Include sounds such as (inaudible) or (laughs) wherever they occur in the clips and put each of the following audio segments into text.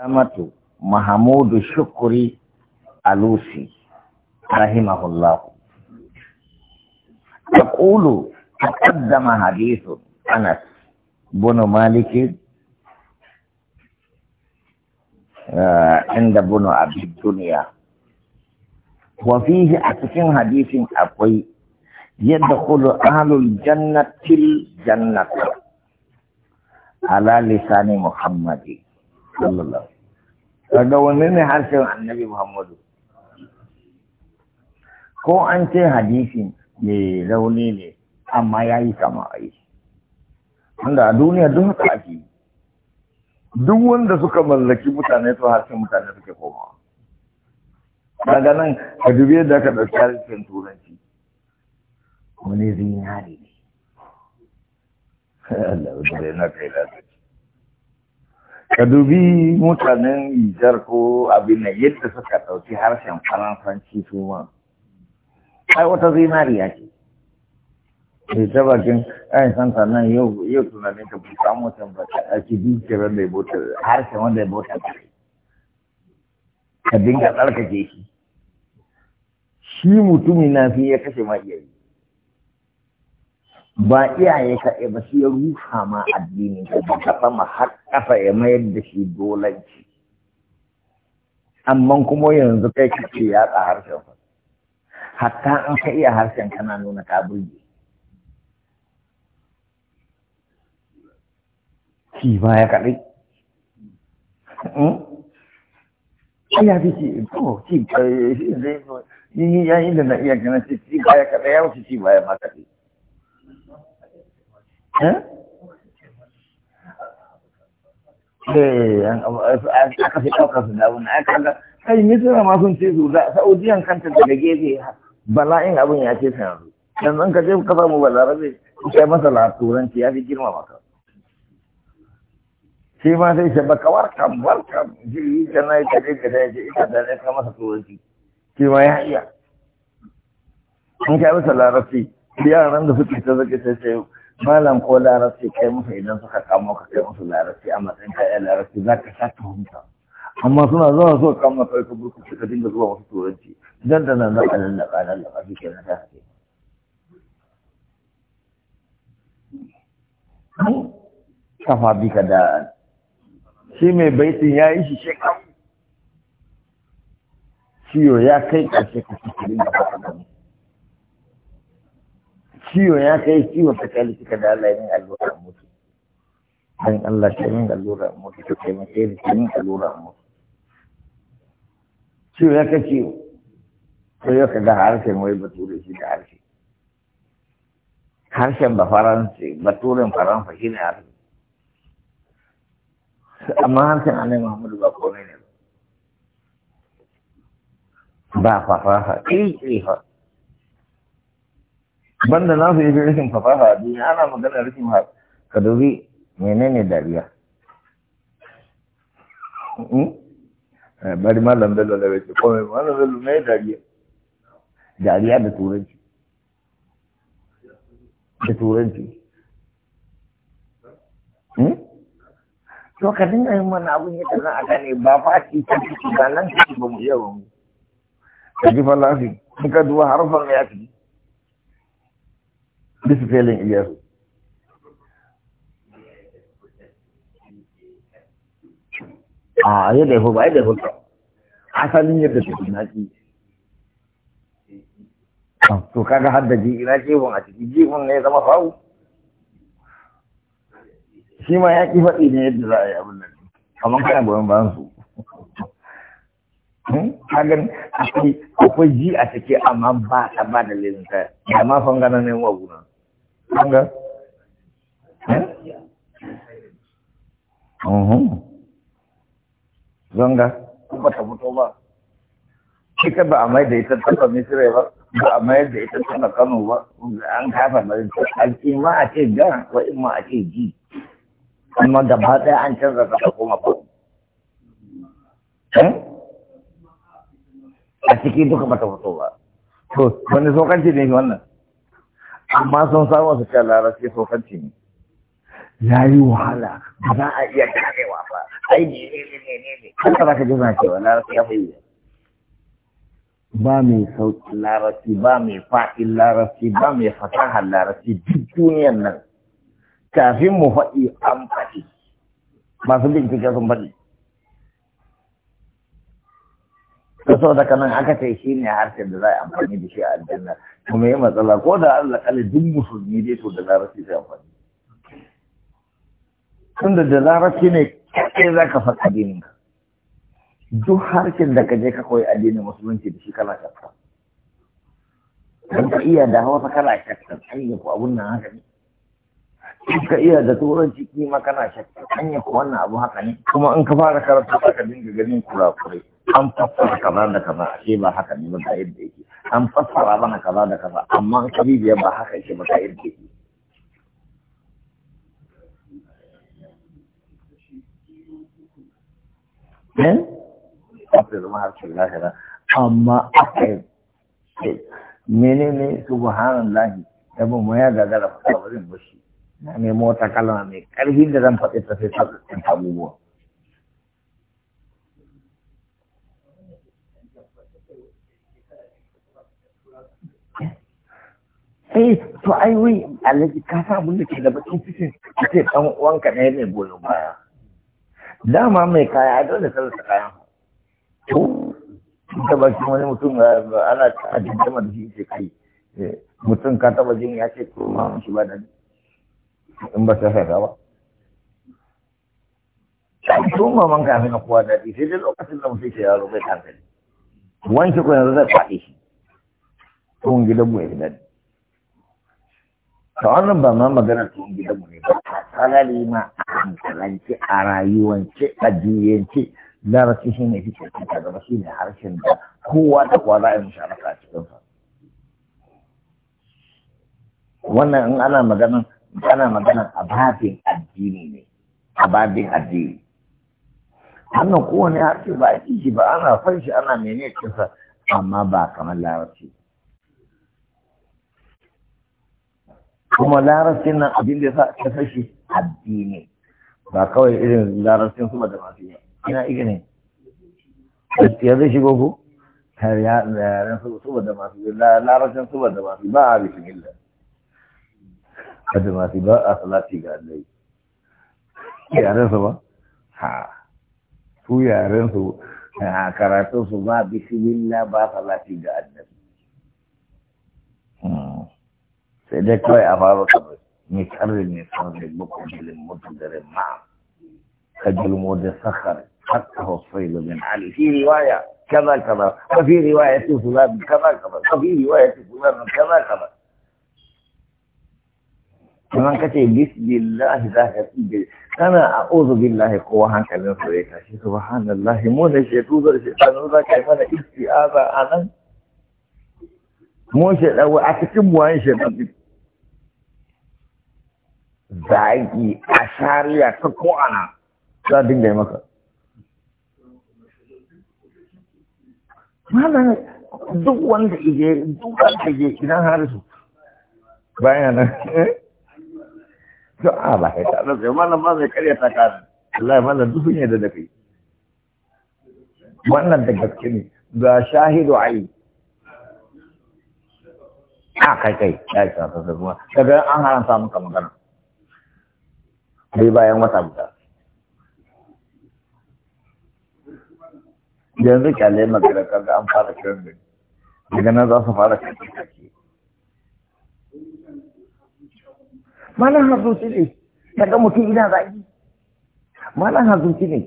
Amatu Mahamudu Shukuri Alusi rahimahullahu أقول تقدم حديث أنس بن مالك عند بن أبي الدنيا وفيه أتكين حديث أقوي يدخل أهل الجنة الجنة على لسان محمد sallallahu kaga wanne ne harshen annabi muhammadu ko an ce hadisi ne rauni ne amma ya yi kama a yi wanda a duniya duk haka ake yi duk wanda suka mallaki mutane to harshen mutane suke komawa daga nan ka dubi yadda aka ɗauki harshen turanci wani zinari ne (laughs) Allah na kai lafiya ka dubi mutanen Nijar ko abin na yadda suka ɗauki harshen Faransanci su ma. Ai wata zinariya ce. Sai ta bakin ayin santa nan yau tunanin ka buka motar ba ta ɗauki dukiyar da ya bota harshen wanda ya bota ba. Ka dinga tsarkake shi. Shi mutumin na fi ya kashe ma iyayi. Ba iyaye kaɗai ba shi ya rufa ma addinin ka ba ma har kafa ya mayar da shi dolanci amma kuma yanzu kai kace ya tsa harshen fa hatta an ka iya harshen kana nuna ka burge ki baya kaɗai hmm? ya fi ci ko ci ni ya yi da na iya ganin ci baya kaɗai ya wuce ci baya ma kaɗai eh? Eh, aka fi ɗaukar su da abin aka ga kai misira ma sun ce su A saudiyan kanta daga gefe bala'in abin ya ce sa yanzu yanzu ka je ka samu balarabe kai masa laturanci ya fi girma maka shi ma sai shi baka warka warka jirgi ta na yi kaje ka dace ita da ne ka masa turanci shi ma ya iya in kai masa larabci yaran da suke ta zake sai sai malam ko larabci kai musu idan suka kamo ka kai musu larabci a matsayin kai larabci za ka sha tuhumta amma suna zuwa so kama kai ka burku suka dinga zuwa wasu turanci dan da nan za a lallaka lallaka su ke nan ta kafa bi ka da shi mai baitin ya yi shi shekaru ciwo ya kai ƙarshe ka cikin da ba ciwo ya kai ciwo ta kai kika da Allah yin allura mutu dan Allah ta yin allura mutu ta kai mace da yin allura mutu ciwo ya kai ciwo sai ya kaga harshen wai bature shi da harshe harshen ba faransa baturen faransa shi ne harshe amma harshen annai muhammadu ba komai ne ba fafafa ƙirƙiri banda na su yi rashin fafafa a duniya ana magana rashin ka dubi menene dariya hmm? eh, bari malam bello da wace kome malam bello mai dariya dariya da turanci da turanci hmm? to ka dinga yin mana abin yadda za a gane ba faci ta ciki ba nan ciki ba mu iya ba mu ka ji falafi in ka duwa harfan ya fi. bisa felin iyasu a ah, yadda ya fi a yadda ya fi asalin yadda ta fi naƙi ah, to kaga har da ina jihun a ciki jihun ne zama fawo shi ma ya ƙi faɗi ne yadda za a yi abin nan amma kana goyon bayan su hagan hmm? akwai ji a ciki amma ba ta ba da lilinta ya ma fangana ne wa gunan Angga? Eh? Uhum. Zonga, ba ta fito ba. Kika ba a mai da ita tafa Misira ba, ba a mai da ita tafa Kano ba, an kafa mai alƙi ma a ce ga, wa in ma a ce ji. Amma gaba ɗaya an canza ta kuma ba. A ciki duka ba ta fito ba. To, wani sokanci ne wannan? amma sun samu su ce larabci sokanci ne ya yi wahala ba za a iya karewa ba ai ne ne ne ne ne haka za ka ji zan cewa larabci ya fi ba mai sauƙin larabci ba mai fa'in larabci ba mai fasahar larabci duk duniyan nan kafin mu faɗi an faɗi masu bincike sun faɗi ka so da kanan aka ce shi ne harshen da za a amfani da shi a aljanna kuma me matsala ko da Allah kalli duk musulmi dai to da larabci zai amfani tunda da larabci ne kai za ka faɗa addinin ka duk harshen da ka je ka koyi addinin musulunci da shi kana shakka don ka iya da hausa kana shakka yi ko abun nan haka ne ka iya da ciki kima kana shakka hanya ko wannan abu haka ne kuma in ka fara karatu za ka dinga ganin kurakurai an fassara kaza da kaza ashe ba haka ne ba yadda yake an fassara bana kaza da kaza amma an ka bibiya ba haka yake ba yadda yake ne? Eh? Afi zama harshen lahira, amma aka yi menene subhanallahi, yabon mu ya gagara fasa wurin bashi. na mai mota kalma mai ƙarfin da zan faɗi ta sai ta abubuwa sai eh, to ai wai alaji ka sa abin da ke da bakin cikin ka ce ɗan uwanka ne mai goyon baya dama mai kaya dole sai da kayan to da bakin wani mutum eh, ana ta da shi ce kai eh, mutum ka taba jin ya ce ko ma shi ba da ni in ba ta shaida ba sai tun maman kafin a kowa daɗi sai dai lokacin da mutum ke yaro bai hankali wanke ko yanzu zai faɗi shi tun gidan mu ya fi daɗi ta wannan ba ma maganar tun gidan mu ne ba a tsanani ma a hankalance a rayuwance a juyance larabci shi ne fice cuta gaba shi ne harshen da kowa da kowa za a yi musharaka a cikinsa wannan in ana maganar ana magana ababin addini ne ababin addini hannun kowane harshe ba a shi ba ana san shi ana mene kinsa amma ba kamar larabci kuma larabcin nan abin da sa ka sashi addini ba kawai irin larabcin su ba da masu yi ina iya ne ya zai shigo ku yaren su ba da masu yi larabcin su ba da masu yi ba a bishin illa kada ma ba a salati ga annabi yaran su ba ha su yaran su a karatun su ba bismillah ba salati ga annabi sai dai kawai a faru kamar mai karin ne sanin bukukulin mutu da rimma kajil mu da sakar hatta husailu min ali fi riwaya kaza kaza wa fi riwaya su su za kaza kaza wa fi riwaya su su za kaza kaza kuma ce bisbillahi za ka tsibe kana a ozu billahi kowa hankalin su zai tashi subhanallahi mu ne shetu zai shetanu za ka yi mana istiaza a nan mu shetu a cikin buwayen shetu zaki a shari'a ta ko'ana za dinga yi maka malam duk wanda ije duk wanda ije idan harisu bayan nan eh? A'a ba kai ta zai malam ma zai karya ta ka Allah ya malam duk ne da da kai. Wannan da gaske ne ga shahidu ai. A kai kai ya isa ta zai kuma daga an haramta maka magana. Sai bayan wata guda. Yanzu kyale magana kaga an fara kiran da daga nan za su fara kiran da malan hazuci ne daga mutum ina zagi malan hazuci ne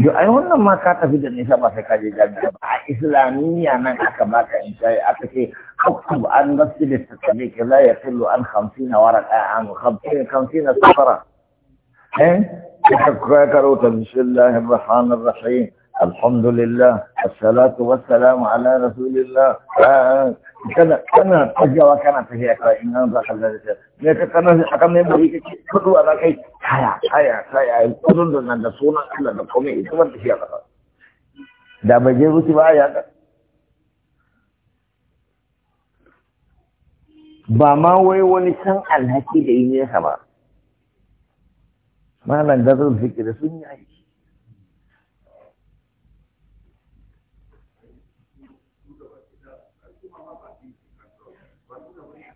yo ai wannan ma ka tafi da nisa ba sai ka je jami'a ba a islamiyya nan aka baka in sai aka ce اكتب عن مسجد التطبيق لا يقل عن خمسين ورقة عن خمسين خمسين سفرة ايه كروت بسم الله الرحمن الرحيم الحمد لله الصلاة والسلام على رسول الله kana kana kana tafiya ka in an za ka zai ne ka kana mai kake kudu a kai kaya kaya da nan da sunan Allah da ita ban tafiya ka da bai je wuce ba ya ka ba ma wai wani san alhaki da yi nesa ba malam da zan fikira sun yi aiki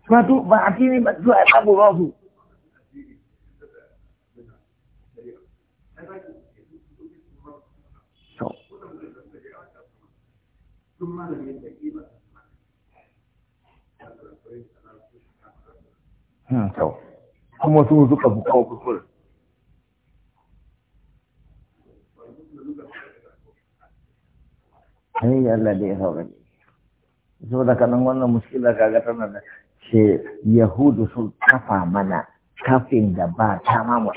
Batu to ba a fili ba zuwa ya samu hmm, suka Allah da ya saboda kanan wannan muskila ga tana da ce yahudu sun kafa mana kafin da ba ta ma mu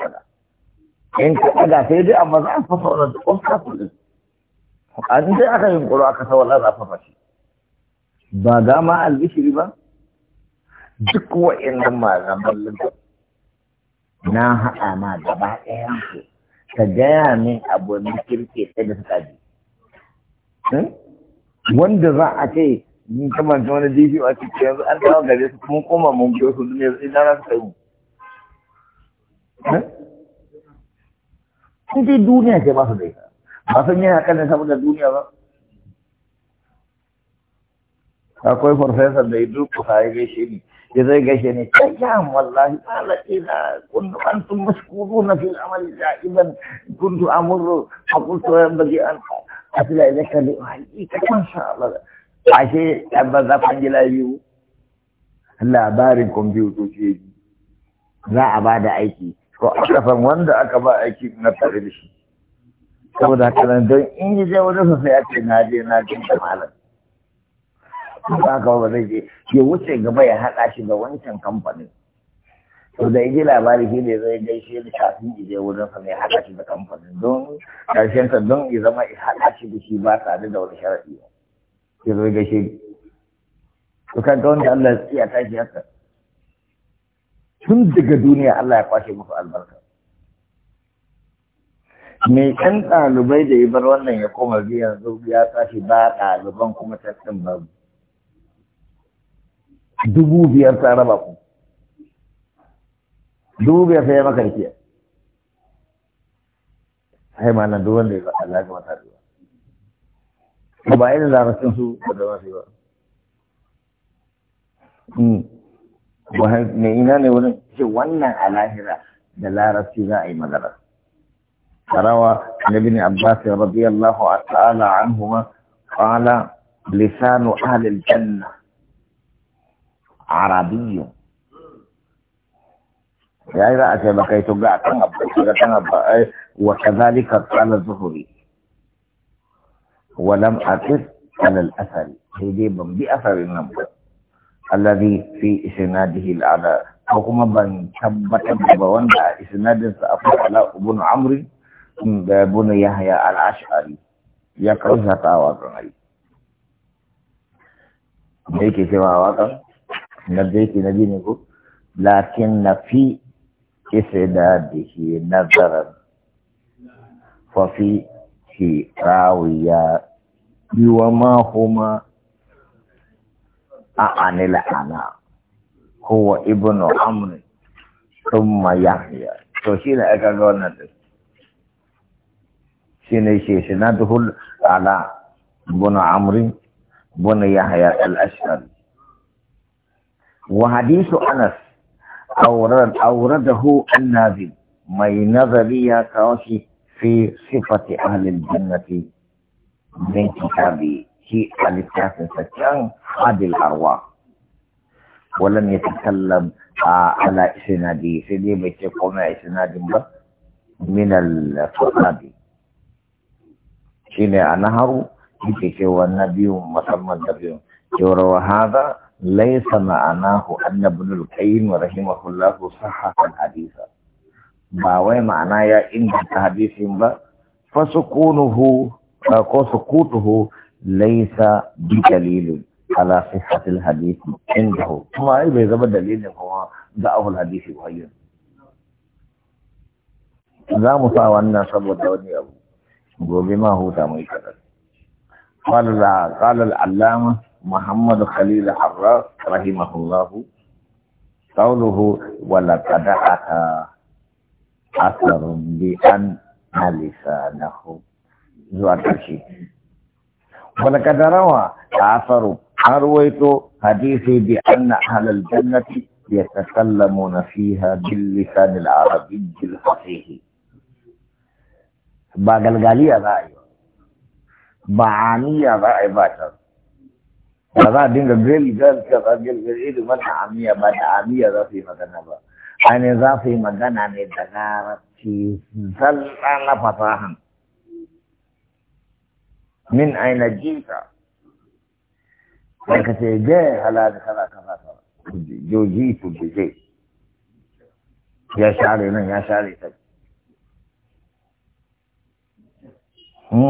in ka daga sai dai amma za a fasa wannan dukkan kafin an dai aka yin kuro aka sa wallahi za a fasa shi ba ga ma albishiri ba duk wa'annan malaman lugar na haɗa ma gaba ɗayan ku ka gaya min abu na kirke sai da suka ji hmm? wanda za a ce mun kamanta wani dpo a cikin yanzu an dawo gare su kuma koma mun biyo su duniya idan na su kai mu eh? sai dai duniya ce ba su da ita ba san yana kanin saboda duniya ba akwai farfesar da idu kusa ya gaishe ni ya zai gaishe ni kayyam wallahi ala ila kuntu antum mashkuruna fil amali da'iban kuntu amuru fa qultu yanbaghi an asila ilayka li uhayyika ma sha Allah ashe ba za ku gila biyu labarin kwamfutoci ya ji za a ba da aiki ko akasar wanda aka ba aiki na tare da shi saboda haka nan don in ji zai wajen su sai ake na je na jin da malam ba ka ba zai je ya wuce gaba ya haɗa shi da wancan kamfanin to da ji labari shi ne zai gaishe da kafin ije wajen sa mai haɗa shi da kamfanin don ƙarshen sa don ya zama ya haɗa shi da shi ba tare da wani sharaɗi ba ya zo gaishe ni to ga wanda Allah ya tsiya tashi haka tun daga duniya Allah ya kwashe musu albarka mai kan ɗalibai da ya bar wannan ya koma biya yanzu ya tashi ba ɗaliban kuma tattin ba dubu biyar ta raba ku dubu biyar sai ya makarkiya sai ma nan duk wanda ya ba Allah ga mata ko لا irin larabcin su ba da zafi ba mai hmm. ina ne wurin ce wannan a lahira da larabci za a عن ابن عباس رضي الله تعالى عنهما قال لسان أهل الجنة عربي يا إذا أتى بقيت قاعد وكذلك قال الزهري ولم أقف على الأثر بم دي بأثر النبوة الذي في إسناده الأعلى وكما بن شبت بوان إسناد سأقول على ابن عمري بن يحيى الأشعري يكره تاواقعي سوا سوى واقع نبي نقول لكن في إسناده نظرا ففي rawiya في راوية بوما هما عن العناء هو ابن عمرو ثم yahya to shi ne aka ga wannan ɗin shi ne shi shi na duhul ala ibnu amri ibnu yahya al-ashari wa hadisu anas auradahu an-nazim mai nazari ya kawo shi في صفة أهل الجنة من كتابه في الكتاب فكان هذه الأرواح ولم يتكلم آه، على إسنادي سيدي بيتقوم بس من الفقاد شيني أنهر يتكي والنبي مسمى النبي يروى هذا ليس معناه أن ابن القيم رحمه الله صحح الحديث ba wai ma'ana ya inganta hadisin ba fasukunuhu ko sukutuhu laisa bi dalilin ala sihhatil hadisi indahu kuma ai bai zama dalilin kuma da ahul hadisi ba yin za mu sa wannan saboda wani abu gobe ma huta mai kadar قال العلامة محمد خليل حراس رحمه الله قوله ولقد أتى أثر بأن لسانه زوار كشي ولقد روى آثر أرويت حديثي بأن أهل الجنة يتكلمون فيها باللسان العربي الفصيح باقل قالي يا أذائي باشر ba za a dinga grill girl ka ba grill grill من wannan amiya ba ذا في za hane za su yi magana ne da larabci zalla na fasahan min aina jita ka ce je halali kaza kaza kaza joji tu bije ya share nan ya share ta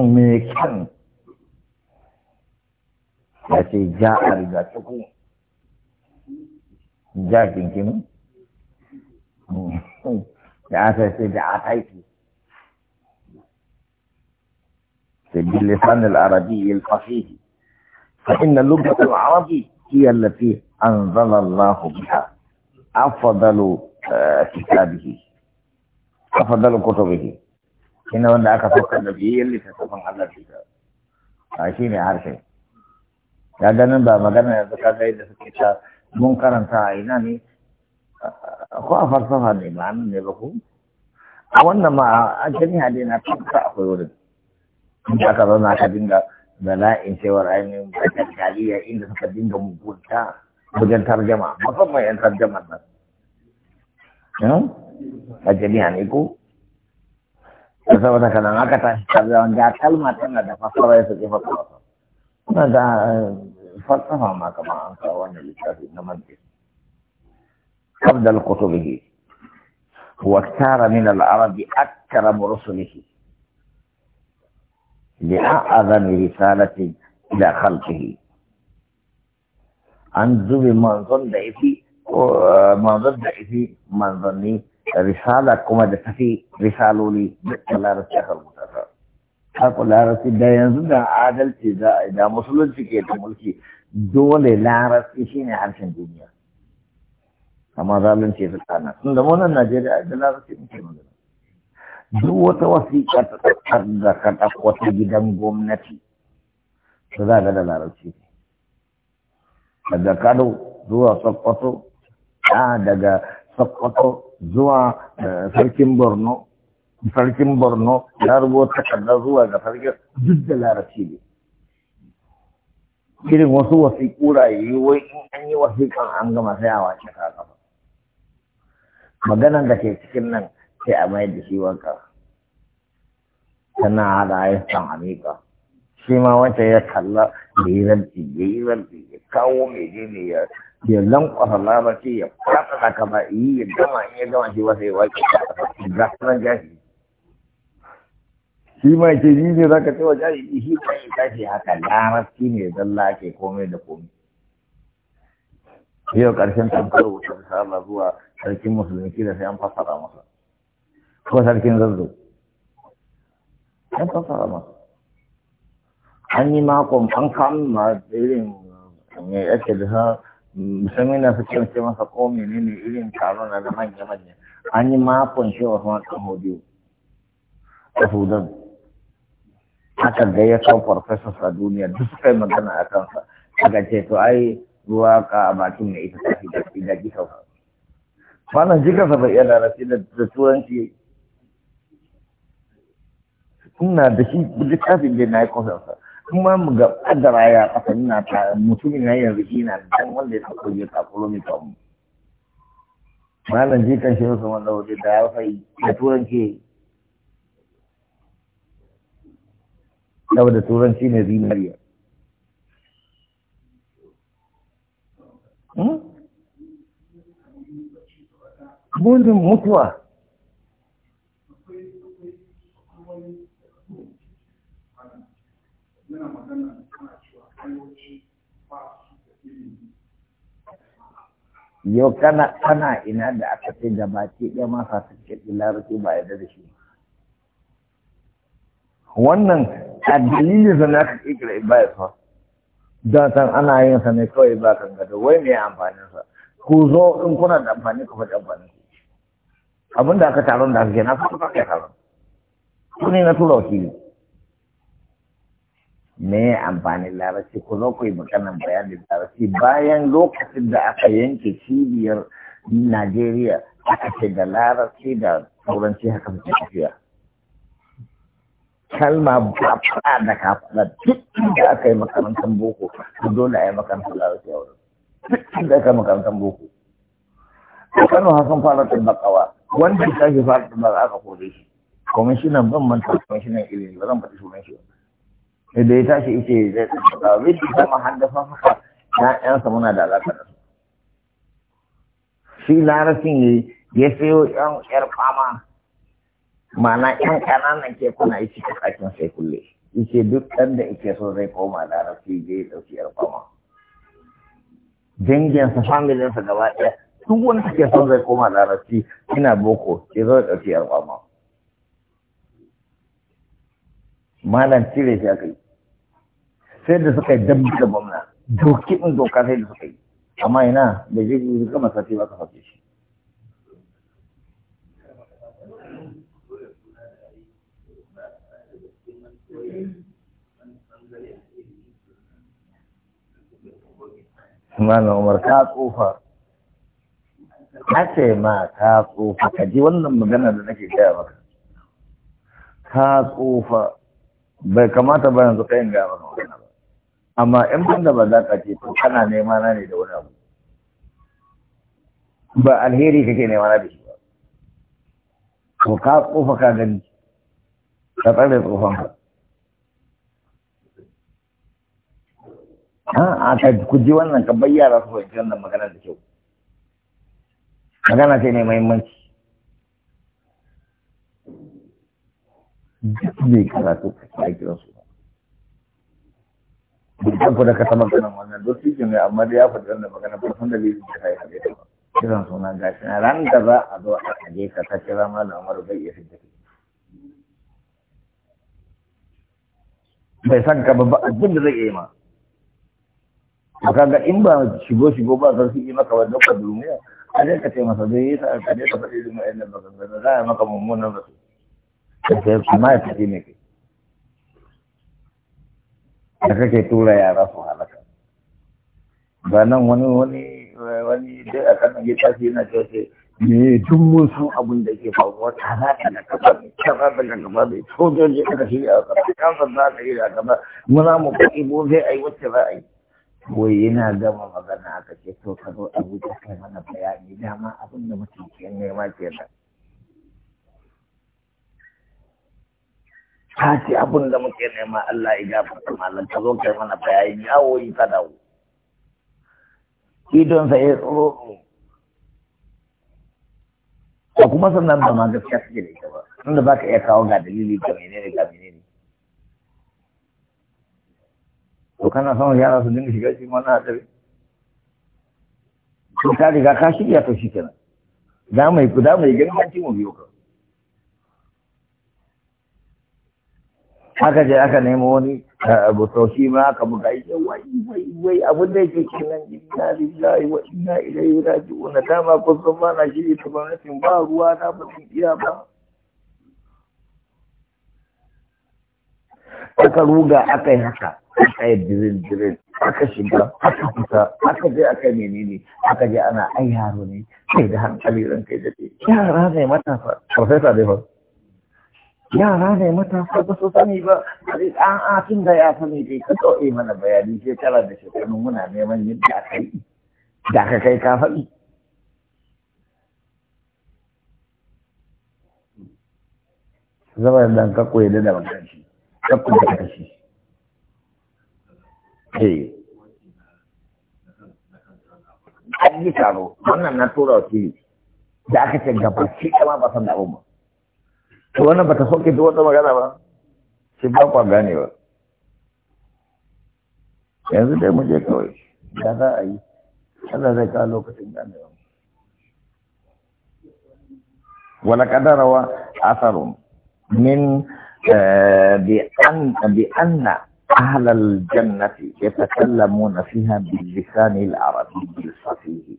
me kan ya ce ja a riga cikin ja kinkinu da aka باللسان العربي الفصيح فإن اللغة العربي هي التي أنزل الله بها أفضل كتابه أفضل كتبه إن وانا أكثر النبي اللي تتفهم على الكتاب عايشين عارفين يا جنن بقى مجانا يذكر جيد في الكتاب منكرا تعيناني ko a farsafa ne ba nan ne ba ku a wannan ma a cikin hade na tabbata akwai wurin inda aka zauna ka dinga bala'in cewar ainihin bakin kaliya inda suka dinga mugunta wajen tarjama musamman yan tarjaman nan a a ne ko da saboda kanan aka tashi wanda ga kalma tana da fasara ya suke fasara na da falsafa ma kama an kawo wannan littafi na mantis أفضل كتبه واختار من العرب أكرم رسله لأعظم رسالة إلى خلقه an zube manzon da yafi manzon da yafi manzanni risala kuma da tafi risaloli da larabci aka rubuta ta haka larabci da yanzu da adalci za a da musulunci ke da mulki dole larabci shine harshen duniya amma zalunci su kana sun da munan najeriya da na larabci muke magana duk wata wasiƙa ta tsakar da ka wata gidan gwamnati su za ga da larabci daga kano zuwa sokoto a daga sokoto zuwa eh, sarkin borno sarkin borno ya rubuta takarda zuwa ga sarkin duk da larabci ne irin wasu wasiƙura yi wai in an yi wasiƙan an gama sai a wace ka maganan da ke cikin nan sai a mai da shi wanka tana hada san amika shi ma wata ya kalla da yi rantsi ya yi rantsi ya kawo mai jini ya ya lankwasa labarci ya fata da ba yi ya gama in ya gama shi wasa ya wake ga sanar jashi? shi ma ke yi ne za ka ce wa ne shi ma ya tashi haka larabci ne zalla ke komai da komai yau ƙarshen tamkar wutar sama zuwa sarkin musulmi kila sai an fassara masa ko sarkin zazzo an fassara masa an yi makon an irin da na su masa ko menene irin taron na da manya-manya an yi makon shi wasu a sudan haka da ya kawo a duniya duk suka yi magana a kansa ce to ai ruwa ka a bakin mai ita da sauka. wannan ji sa bai iya larabci da turanci ina da shi littafin da na yi kofarsa kuma mu ga kadara ya kasa ina ta mutumin na yanzu ina dan wanda ya sako ya kafulo mai kamu malam ji kan shi wasu wanda wajen da ya fai da turanci yau da turanci ne zinariya Hmm? burin mutuwa yau kana kana ina da aka gaba ke ɗaya ma fasike larabci ba yadda da shi wannan a dalilin sa na ka kikira ibaya fa don san ana yin sa ne kawai ba kan gado wai mai amfaninsa ku zo in kuna da amfani ku faɗi amfanin abin da aka taron da aka gina su suka kai taron su ne na tura wakili me amfanin larabci ku zo ku yi maganan bayanin larabci bayan lokacin da aka yanke cibiyar najeriya aka ce da larabci da turanci haka suke tafiya kalma ba faɗa da ka faɗa duk da aka yi makarantar boko dole a yi makarantar larabci a wurin duk da aka yi makarantar boko Kano hasan fara tabbakawa wanda ya tashi faɗi ba za ka kore shi kwamishinan ban manta kwamishinan ilimi ba zan faɗi sunan shi ba da ya tashi ice zai tsaka fa fa haddasa haka ‘ya'yansa muna da alaƙa da su shi larabcin yi ya sayo ‘yan ‘yar fama mana ‘yan ƙananan ke kuna ice cikin sai kulle yake duk ɗan da yake so zai koma larabci je ya ɗauki ‘yar fama danginsa familinsa gaba ɗaya duk wani suke son zai koma larabci ina boko ke zo da ɗauki alƙwama malam cire shi aka yi sai da suka yi dabbi da gwamna doki in doka sai da suka yi amma ina da jirgi gama sati ba ka fafe shi Malam Umar ka tsofa kace ma ka tsufa ka ji wannan magana da nake gaya maka ka tsufa bai kamata ba yanzu kayan gaya maka magana ba amma in ban da ba za ka ce to kana nema na ne da wani abu ba alheri kake nema na da shi ba to ka tsufa ka gani ka tsare ka a ka ku ji wannan ka bayyana su fahimci wannan magana da kyau magana ce ne mahimmanci duk ne karatu a kiran su dukkan ku da ka taɓa ganin wannan duk shi ne amma da ya faɗi wannan magana ba san dalilin da kai haɗe ba kiran suna gashi na ran da za a zo a kaje ka ta kira malam umaru bai iya fita bai san ka ba abin da zai yi ma ka kaga in ba shigo shigo ba zan yi maka wani ka duniya a dai ka ce masa zai yi sa ka dai ka faɗi irin wa'annan maganganu za a maka mummunan rasu su. ce kuma ya tafi ne kai da kake tura yara su halaka ba nan wani wani wani dai a kan yi tafi yana cewa sai. me duk mun san abin da ke faruwa tana da na kafa ne kafa da ga gaba da sojoji aka shirya a kafa kan sanda k'a yi a kafa muna mu kuɗi ko zai a yi wacce za a yi wai yana gama magana aka kake so ka zo abuja kai mana bayani dama abin da muke ke nema ke nan ta ce abin da muke nema Allah ya gafarta malam ka zo kai mana bayani yawo yi ka dawo idonsa ya tsoro ko kuma sannan ba ma gaskiya suke da ita ba inda baka ka iya kawo ga dalili ga menene ga menene to kana son yara su dinga shiga cikin wannan hadari to ka riga ka shirya to shi kenan da mai da mai mu yi girmanci mu biyo ka aka je aka nemo wani abu eh, shi ma aka buga yi, wai wai wai abin da yake kenan inna lillahi wa inna ilaihi raji'un ma kun san ma na shiri ta gwamnatin ba ruwa na ba sun iya ba aka ruga aka yi haka aka yi dirin dirin aka shiga aka fita aka je aka yi menene aka je ana ai yaro ne kai da hankali ran kai da ke yara ne matasa farfesa dai fa yara ne matafa ba su sani ba an a tun da ya sani dai ka tsoye mana bayani shekara da shekaru muna neman yadda aka yi da aka kai ka faɗi zama da ka koyi da magana shi ka koyi da shi eh an yi taro wannan na tura wakili da aka ce gaba shi kama ba san da abin ba to wannan ba ta soke duk wata magana ba shi ba kwa gane ba yanzu dai mu je kawai da za a yi Allah zai kawo lokacin ba. wala kadarawa asarun min eh, bi bi anna أهل الجنة يتكلمون فيها باللسان العربي الفصيح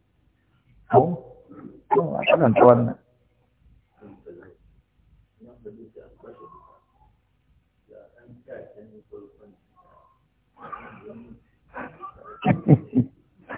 Thank you.